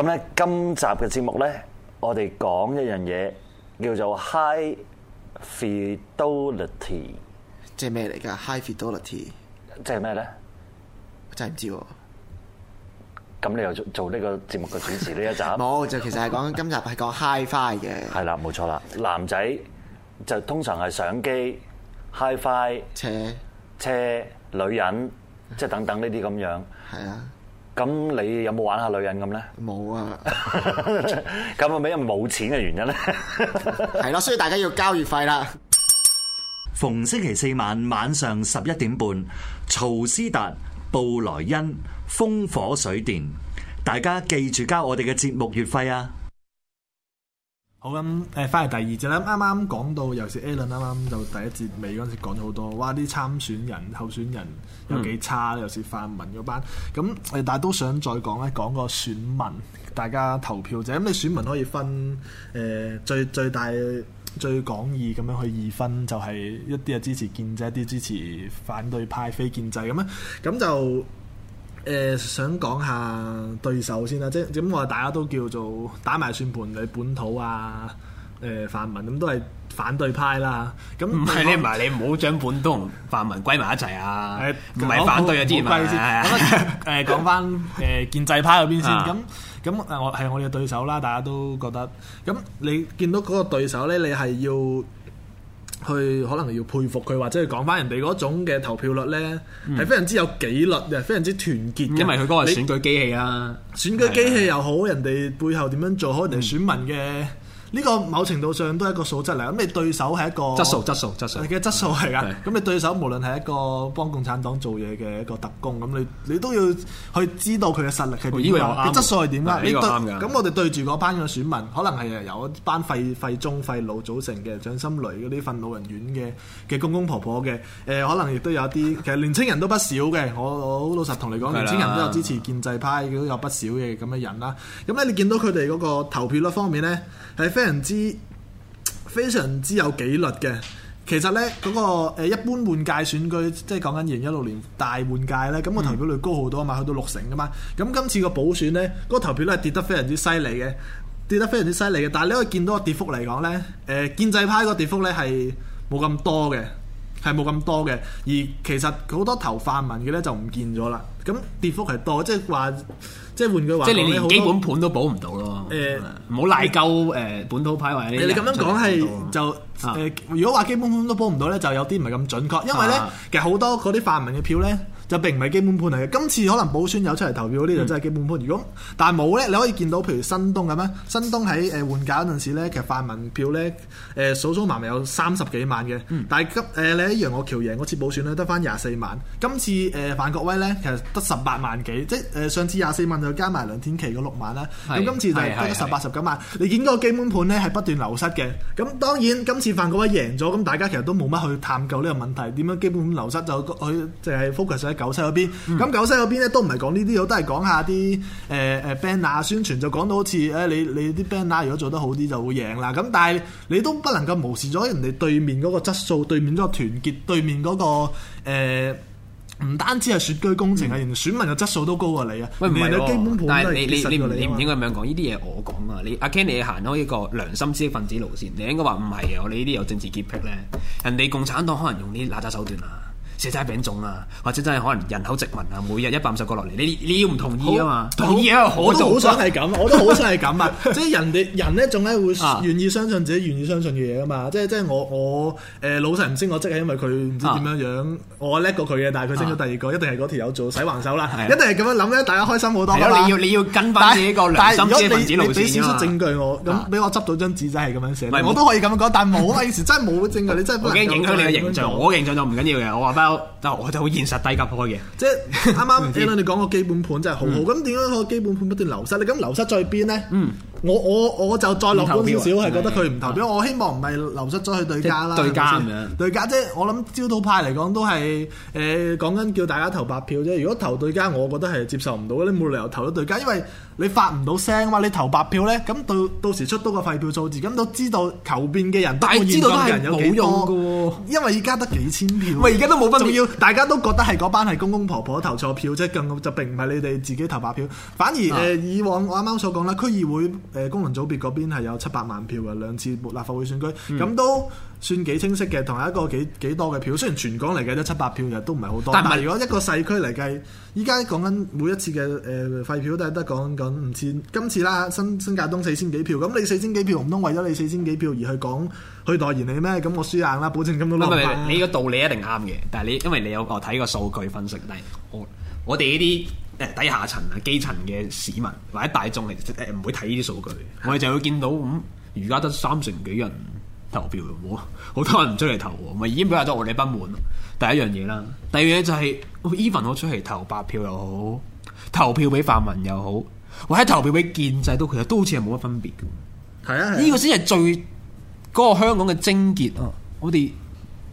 咁咧，今集嘅節目咧，我哋講一樣嘢叫做 high fidelity，即係咩嚟噶？high fidelity 即係咩咧？我真係唔知喎。咁你又做做呢個節目嘅主持呢一集？冇就其實係講今集係講 hi-fi 嘅。係啦，冇錯啦。男仔就通常係相機、 hi-fi、車、車、女人，即係等等呢啲咁樣。係啊。咁你有冇玩下女人咁呢？冇啊！咁個名係咪冇錢嘅原因呢？係 咯，所以大家要交月費啦。逢星期四晚晚上十一點半，曹斯達、布萊恩、風火水電，大家記住交我哋嘅節目月費啊！好咁誒，翻、嗯、嚟第二節啦。啱啱講到又是 Alan，啱啱就第一節尾嗰陣時講咗好多，哇！啲參選人、候選人有幾差，嗯、尤是泛民嗰班。咁誒，但係都想再講咧，講個選民、大家投票者。咁你選民可以分誒、呃、最最大最廣義咁樣去二分，就係、是、一啲係支持建制，一啲支持反對派、非建制咁樣。咁就。誒、呃，想講下對手先啦，即係點解我哋大家都叫做打埋算盤，你本土啊，誒、呃、泛民咁都係反對派啦。咁唔係你唔係我你唔好將本土同泛民歸埋一齊啊。唔係、呃、反對啊，啲唔係。誒，講翻誒建制派嗰邊先。咁咁誒，我係我哋嘅對手啦，大家都覺得。咁你見到嗰個對手咧，你係要。去可能要佩服佢，或者去講翻人哋嗰種嘅投票率呢，係、嗯、非常之有紀律嘅，非常之團結。因為佢嗰個選舉機器啊，嗯、啊選舉機器又好，嗯、人哋背後點樣做，好人哋選民嘅。嗯嗯呢個某程度上都係一個素質嚟，咁你對手係 一個質素質素質素嘅質素係啊，咁你對手無論係一個幫共產黨做嘢嘅一個特工，咁你你都要去知道佢嘅實力係點，嘅質素係點啦。咁對我哋對住嗰班嘅選民，可能係由一班廢廢中廢老組成嘅掌心雷嗰啲瞓老人院嘅嘅公公婆婆嘅，誒、呃、可能亦都有啲其實年輕人都不少嘅。我我好老實同你講，的的年輕人都有支持建制派，亦都有不少嘅咁嘅人啦。咁咧的你見到佢哋嗰個投票率方面咧，喺非常之非常之有紀律嘅，其實呢，嗰個誒一般換屆選舉，即係講緊二零一六年大換屆呢，咁個投票率高好多啊嘛，去到六成噶嘛。咁今次個補選呢，嗰個投票率係跌得非常之犀利嘅，跌得非常之犀利嘅。但係你可以見到個跌幅嚟講呢，誒、呃、建制派個跌幅呢係冇咁多嘅。係冇咁多嘅，而其實好多頭泛民嘅咧就唔見咗啦。咁跌幅係多，即係話，即係換句話，即係你連好多基本盤都保唔到咯。誒、呃，唔好賴鳩誒本土派、呃、或者你咁樣講係、呃、就誒，呃、如果話基本盤都保唔到咧，就有啲唔係咁準確，因為咧、呃、其實好多嗰啲泛民嘅票咧。就並唔係基本盤嚟嘅，今次可能補選有出嚟投票呢，啲就真係基本盤。嗯、如果但冇咧，你可以見到譬如新東咁啊，新東喺誒換屆嗰陣時咧，其實泛民票咧誒數數埋咪有三十幾萬嘅，嗯、但係今、呃、你一樣楊岳橋贏嗰次補選咧得翻廿四萬，今次誒范、呃、國威咧其實得十八萬幾，即係誒、呃、上次廿四萬就加埋梁天琦嗰六萬啦，咁是今次就得十八十九萬。你見嗰個基本盤咧係不斷流失嘅，咁當然今次范國威贏咗，咁大家其實都冇乜去探究呢個問題點樣基本盤流失，就佢就係 focus 九西嗰邊，咁九西嗰邊咧都唔係講呢啲，都係講下啲誒誒、呃呃、banner 宣傳，就講到好似誒、呃、你你啲 banner 如果做得好啲就會贏啦。咁但係你都不能夠無視咗人哋對面嗰個質素，對面嗰個團結，對面嗰、那個唔、呃、單止係選舉工程啊，嗯、選民嘅質素都高啊，你啊，喂唔係咯，但係以你你你你唔應該咁樣講，呢啲嘢我講啊，你阿 Ken 你行咗一個良心知識分子路線，你應該話唔係嘅，我哋呢啲有政治潔癖咧，人哋共產黨可能用啲骯髒手段啊。寫曬病種啊，或者真係可能人口殖民啊，每日一百五十個落嚟，你你要唔同意啊嘛？同意啊，我都好想係咁，我都好想係咁啊！即係人哋人咧，仲咧會願意相信自己願意相信嘅嘢啊嘛！即係即係我我誒老細唔知我即係因為佢唔知點樣樣，我叻過佢嘅，但係佢升咗第二個，一定係嗰條友做洗橫手啦，一定係咁樣諗咧，大家開心好多。你要你要跟翻自己個良心之俾少少證據我，咁俾我執到張紙仔係咁樣寫，我都可以咁樣講，但係冇啊！以前真係冇證據，你真係已經影響你嘅形象，我形象就唔緊要嘅，我話就我哋好現實低級開嘅，oh, oh, 即係啱啱聽你講個基本盤真係好好，咁點解個基本盤不斷流失？你咁流失在邊咧？嗯。我我我就再落觀少少，係覺得佢唔投票。投票的我希望唔係流失咗去對家啦，對家，對家啫。我諗朝早派嚟講都係誒、呃、講緊叫大家投白票啫。如果投對家，我覺得係接受唔到。你冇理由投咗對家，因為你發唔到聲啊嘛。你投白票咧，咁到到時出到個廢票數字，咁都知道求變嘅人，都人，但知道都有冇用嘅。因為而家得幾千票，咪而家都冇分重要。大家都覺得係嗰班係公公婆，婆婆投錯票啫，更就並唔係你哋自己投白票。反而誒、啊、以往我啱啱所講啦，區議會。誒、功能組別嗰邊係有七百萬票嘅兩次立法會選舉，咁、嗯、都算幾清晰嘅，同埋一個幾幾多嘅票。雖然全港嚟計都七百票嘅，都唔係好多。但係如果一個細區嚟計，依家講緊每一次嘅誒、呃、廢票都係得講講，唔似今次啦，新新界東四千幾票。咁你四千幾票唔通為咗你四千幾票而去講去代言你咩？咁我輸硬啦，保證金咁多落唔係你個道理一定啱嘅，但係你因為你有我睇過數據分析，但係我哋呢啲。底下層啊，基層嘅市民或者大眾嚟，唔、呃、會睇呢啲數據， 我哋就會見到咁，而家得三成幾人投票，好多人唔出嚟投，咪已經比較多我哋不滿。第一樣嘢啦，第二樣嘢就係、是、even 我出嚟投白票又好，投票俾泛民又好，或者投票俾建制都其實都好似係冇乜分別嘅。啊係啊，呢個先係最嗰、那個香港嘅癥結啊！我哋。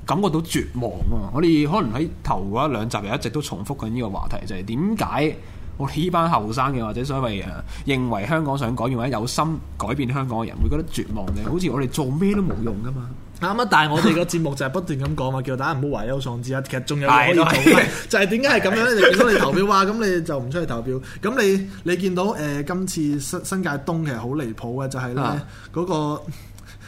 感覺到絕望啊！我哋可能喺頭嗰一兩集又一直都重複緊呢個話題，就係點解我哋呢班後生嘅或者所謂啊認為香港想改變或者有心改變香港嘅人會覺得絕望咧？好似我哋做咩都冇用噶嘛？啱啊！但係我哋個節目就係不斷咁講嘛， 叫大家唔好懷憂喪志啊！其實仲有可以做， 就係點解係咁樣？ 你唔出嚟投票啊？咁你就唔出嚟投票？咁你你見到誒、呃、今次新新界東其實好離譜嘅，就係咧嗰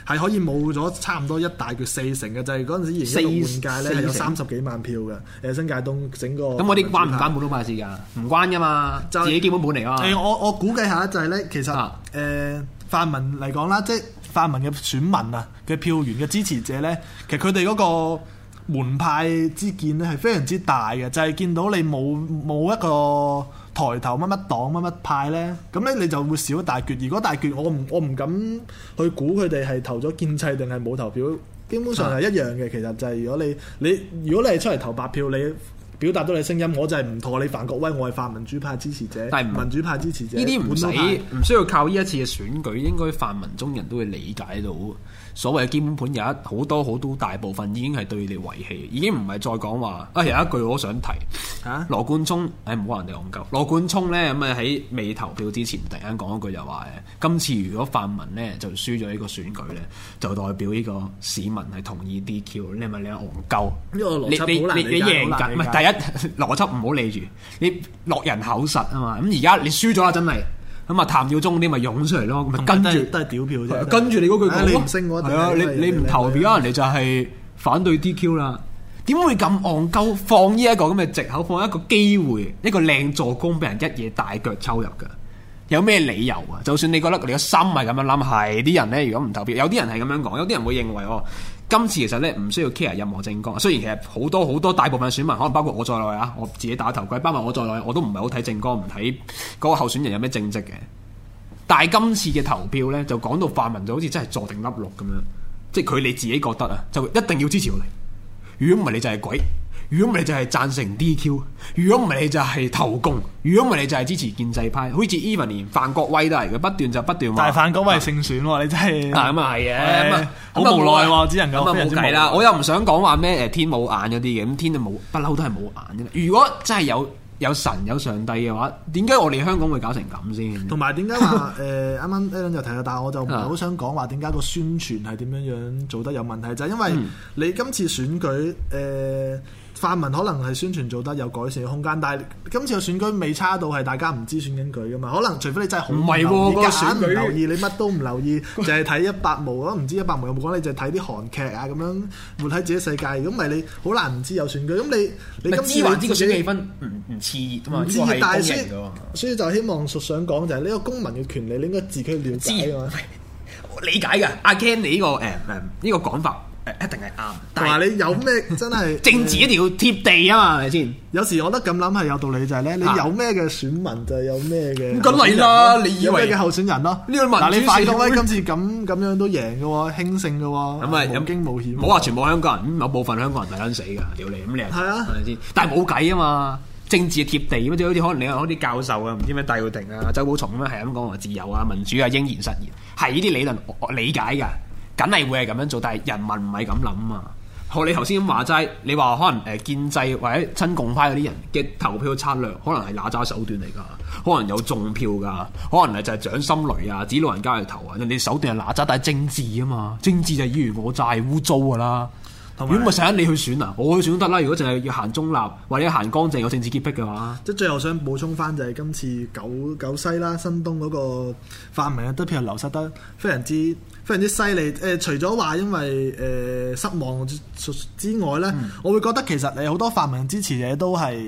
係可以冇咗差唔多一大橛四成嘅，就係嗰陣時而家換屆咧有三十幾萬票嘅，誒成新界東整個，咁我啲關唔、嗯、關本都唔係事㗎，唔關㗎嘛，就自己基本本嚟㗎。誒、呃、我我估計下就係、是、咧，其實誒、呃、泛民嚟講啦，即係泛民嘅選民啊，嘅票源嘅支持者咧，其實佢哋嗰個。門派之見咧係非常之大嘅，就係、是、見到你冇冇一個抬頭乜乜黨乜乜派呢，咁呢，你就會少大決。如果大決，我唔我唔敢去估佢哋係投咗建制定係冇投票，基本上係一樣嘅。是的 其實就係如果你你如果你係出嚟投白票，你。表達到你聲音，我就係唔妥你。范國威，我係泛民主派支持者。但係唔民主派支持者，呢啲唔使，唔需要靠呢一次嘅選舉，應該泛民中人都會理解到，所謂嘅基本盤有一好多，好多大部分已經係對你遺棄，已經唔係再講話。啊，有一句我想提吓、啊哎，羅冠聰，唉，唔好話人哋戇鳩。羅冠聰咧咁啊喺未投票之前，突然間講一句又話誒，今次如果泛民咧就輸咗呢個選舉咧，就代表呢個市民係同意 DQ。你係咪你戇鳩？呢個邏輯好難邏輯唔好理住，你落人口實啊嘛，咁有而家對你輸咗喇，真係咁啊，譚耀宗啲咪湧出嚟咯，咪跟住都係吊票啫，跟住你嗰句講咯，係啊，你你唔投票啊，人哋就係反對 DQ 啦，點會咁戇鳩放呢、這、一個咁嘅借口，放一個機會，一個靚助攻俾人一夜大腳抽入噶，有咩理由啊？就算你覺得你個心係咁樣諗，係啲人咧，如果唔投票，有啲人係咁樣講，有啲人，人會認為哦。今次其實咧唔需要 care 任何政綱，雖然其實好多好多大部分選民可能包括我在內啊，我自己打頭盔，包括我在內我都唔係好睇政綱，唔睇嗰個候選人有咩政績嘅。但係今次嘅投票呢，就講到泛民就好似真係坐定粒六咁樣，即係佢你自己覺得啊，就一定要支持我哋。如果唔係你就係鬼。如果唔係就係贊成 DQ，如果唔係你就係投共，如果唔係你就係支持建制派，好似 Even 連范國威都係嘅，不斷就不斷話，但係范國威係勝選，你真係，咁啊係嘅，好無奈喎，只能夠咁啊冇計啦，我又唔想講話咩誒天冇眼嗰啲嘅，咁天就冇，不嬲都係冇眼嘅。如果真係有有神有上帝嘅話，點解我哋香港會搞成咁先？同埋點解話誒啱啱 Allen 就提到，但係我就唔係好想講話點解個宣傳係點樣樣做得有問題，就係因為你今次選舉誒。泛民可能係宣傳做得有改善嘅空間，但係今次嘅選舉未差到係大家唔知選緊佢噶嘛？可能除非你真係好唔留意，你乜都唔留意，淨係睇一百毛咯，唔知一百毛有冇講，你淨係睇啲韓劇啊咁樣活喺自己世界。咁果你好難唔知有選舉。咁你你今你呢個選舉分唔唔似熱啊嘛？唔所以就希望想講就係、是、呢、這個公民嘅權利，你應該自己瞭解道、啊、 理解噶，阿 Ken，你、這、呢個誒呢、嗯這個講法。一定係啱，但係你有咩真係 政治一定要貼地啊嘛，係咪先？有時我覺得咁諗係有道理就係咧，你有咩嘅選民就有咩嘅。咁咪啦，你以為咩嘅候選人啦？呢個你快到舉，今次咁咁樣，樣都贏嘅喎，輕勝嘅喎。咁咪有驚冇險，冇話、嗯、全部香港人、嗯，某部分香港人係揾死㗎，屌、嗯、你咁你。係啊，係咪先？但係冇計啊嘛，政治貼地咩？就好似可能你開啲教授啊，唔知咩戴耀廷啊、周寶松咁、啊、樣係咁講話自由啊、民主啊應然實現，係呢啲理論我理解㗎。梗係會係咁樣做，但係人民唔係咁諗嘛！好，你頭先咁話齋，你話可能誒建制或者親共派嗰啲人嘅投票策略，可能係哪吒手段嚟㗎，可能有中票㗎，可能係就係掌心雷啊，指老人家去投啊，你手段係哪吒，但係政治啊嘛，政治就以如我個債污糟㗎啦。如果唔成日你去選啊，我去選都得啦。如果淨係要行中立，或者行乾淨有政治潔癖嘅話，即係最後想補充翻就係今次九九西啦、新東嗰個泛民都譬如流失得非常之非常之犀利。誒、呃，除咗話因為誒、呃、失望之外咧，嗯、我會覺得其實你好多泛民支持者都係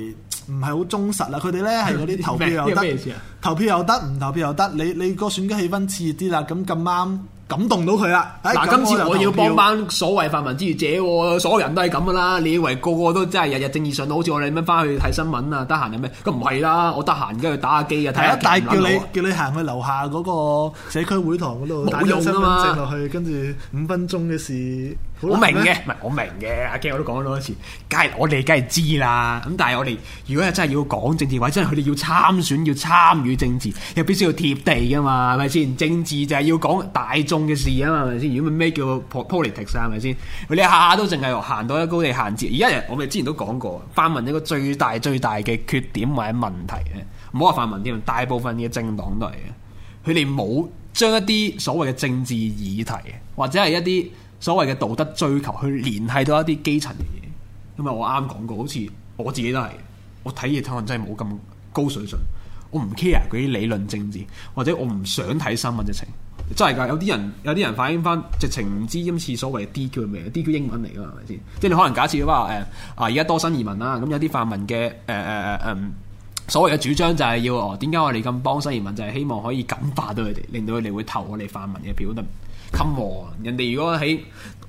唔係好忠實啦。佢哋咧係嗰啲投票又得，啊、投票又得，唔投票又得。你你個選舉氣氛熾熱啲啦，咁咁啱。感動到佢啦！嗱、哎，今次我要幫班所謂泛民支持者，所有人都係咁噶啦。你以為個個都真係日日正義上到好似我哋咁樣翻去睇新聞啊？得閒係咩？咁唔係啦，我得閒而家去打下機啊，睇下，但係叫你叫你行去樓下嗰個社區會堂嗰度打下身份證落去，跟住五分鐘嘅事。 我明嘅，唔係、啊、我明嘅。阿 K、啊、我都講咗好多次，梗係我哋梗係知啦。咁但係我哋如果係真係要講政治話，或者真係佢哋要參選，要參與政治，又必須要貼地噶嘛，係咪先？政治就係要講大眾嘅事啊嘛，係咪先？如果咩叫 politics 啊，係咪先？佢哋下下都淨係行到一高地限節。而家我哋之前都講過，泛民一個最大最大嘅缺點或者問題咧，唔好話泛民添，大部分嘅政黨都係嘅，佢哋冇將一啲所謂嘅政治議題或者係一啲。所謂嘅道德追求，去聯繫到一啲基層嘅嘢，因為我啱講過，好似我自己都係，我睇嘢睇我真係冇咁高水準，我唔 care 嗰啲理論政治，或者我唔想睇新聞直情真係噶，有啲人有啲人反映翻，直情唔知今次所謂 DQ 咩，DQ 英文嚟噶，係咪先？即係你可能假設話誒啊，而、呃、家多新移民啦，咁有啲泛民嘅誒誒誒誒，所謂嘅主張就係要哦，點解我哋咁幫新移民？就係、是、希望可以感化到佢哋，令到佢哋會投我哋泛民嘅票。得。On，人哋如果喺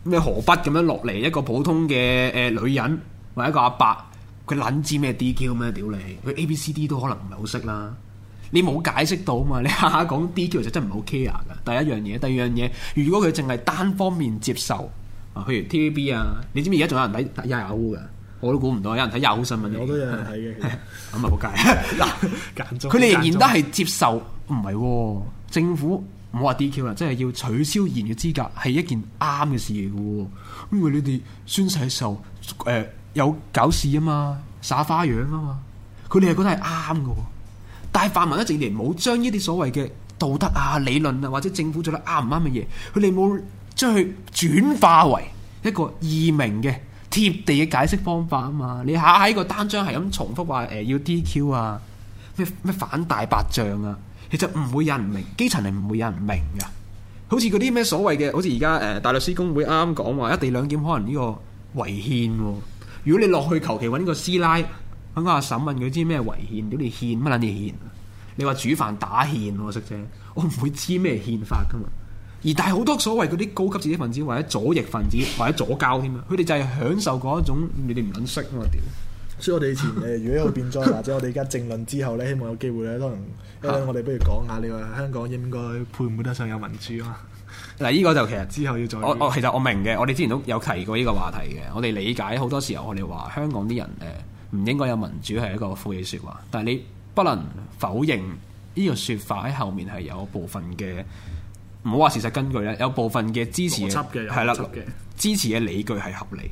咩河北咁樣落嚟，一個普通嘅誒、呃、女人或者一個阿伯，佢撚知咩 DQ 咩？屌你，佢 A B C D 都可能唔係好識啦。你冇解釋到啊嘛，你下下講 DQ 就真係唔係好 care 噶。第一樣嘢，第二樣嘢，如果佢淨係單方面接受啊，譬如 T V B 啊，你知唔知而家仲有人睇 Yahoo 噶？我都估唔到有人睇 Yahoo 新聞、嗯、我都有人睇嘅。咁啊仆街，佢哋仍然都係接受，唔係喎政府，唔好話 DQ 啦，即係要取消議員嘅資格係一件啱嘅事嚟嘅喎。因為你哋宣誓受誒有搞事啊嘛，耍花樣啊嘛，佢哋係覺得係啱嘅。但係泛民一直嚟冇將呢啲所謂嘅道德啊、理論啊，或者政府做得啱唔啱嘅嘢，佢哋冇將佢轉化為一個易明嘅貼地嘅解釋方法啊嘛。你下下喺個單張係咁重複話誒要 DQ 啊，咩咩反大白象啊？其實唔會有人明，基層係唔會有人明嘅。好似嗰啲咩所謂嘅，好似而家誒大律師公會啱啱講話一地兩檢可能呢個違憲喎。如果你落去求其揾個師奶喺度審問佢知咩違憲，你憲乜撚嘢憲？你話煮飯打憲我識啫，我唔會知咩憲法噶嘛。而但係好多所謂嗰啲高級知識分子或者左翼分子或者左膠添啊，佢哋就係享受嗰一種你，你哋唔撚識吖嘛？所以我哋以前誒，如果一個辯哉或者我哋而家政論之後咧，希望有機會咧，可能我哋不如講下你話香港應該配唔配得上有民主啊？嗱，呢個就其實之後要再我，我其實我明嘅，我哋之前都有提過呢個話題嘅。我哋理解好多時候，我哋話香港啲人誒唔應該有民主係一個負面説話，但係你不能否認呢個説法喺後面係有部分嘅，唔好話事實根據咧，有部分嘅支持嘅係啦，了支持嘅理據係合理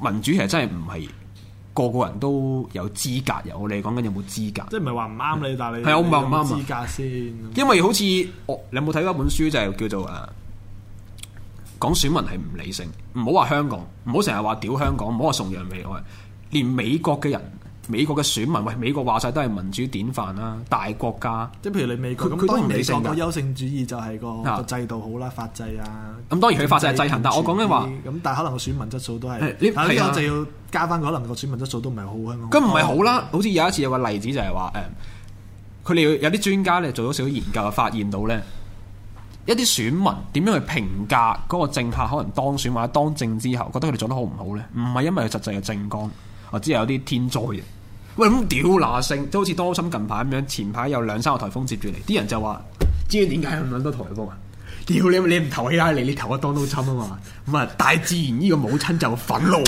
民主其實真係唔係。個個人都有資格，有你講緊有冇資格？即係唔係話唔啱你？的但你，係我唔係唔啱啊！你有有資格先，因為好似我、哦、你有冇睇過一本書就係、係、叫做誒講選民係唔理性，唔好話香港，唔好成日話屌香港，唔好話崇洋媚外，連美國嘅人。美國嘅選民喂，美國話晒都係民主典範啦、啊，大國家。即係譬如你美國咁，它它當然美國個優勝主義就係個制度好啦，啊、法制啊。咁當然佢法制係制衡，但我講緊話咁，但係可能個選民質素都係，但係呢就要加翻。可能個選民質素都唔係好咁，唔係、啊、好啦。哦、好似有一次有個例子就係話誒，佢哋有啲專家咧做咗少少研究，發現到咧一啲選民點樣去評價嗰個政客可能當選或者當政之後，覺得佢哋做得好唔好咧？唔係因為佢實際嘅政綱，或者有啲天災嘅。喂，咁、嗯、屌那性，即好似多心近排咁樣。前排有兩三個颱風接住嚟，啲人就話，知唔知點解咁搵多颱風啊？屌你，你唔投氣啊？你你投一當都侵啊嘛！咁啊， 大自然呢個母親就憤怒啊，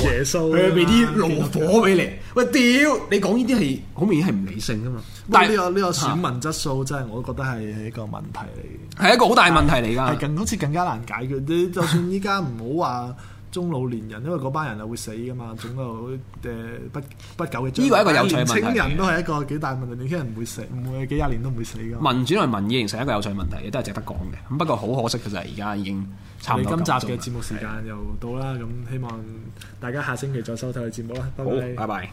佢俾啲怒火俾你。喂，屌！你講呢啲係好明顯係唔理性噶嘛？但係呢、這個呢、這個選民質素真係，我覺得係一個問題嚟嘅，係一個好大問題嚟噶。係更好似更加難解決。就算依家唔好話。 中老年人，因為嗰班人又會死㗎嘛，總有誒不不久嘅。呢個一個有趣問題。年輕人都係一個幾大問題，年輕也人唔會死，唔會幾廿年都唔會死㗎。民主同民意形成一個有趣問題，亦都係值得講嘅。咁不過好可惜，其實而家已經差唔多。今集嘅節目時間又到啦，咁對 的希望大家下星期再收睇嘅節目啦。好，拜拜。拜拜。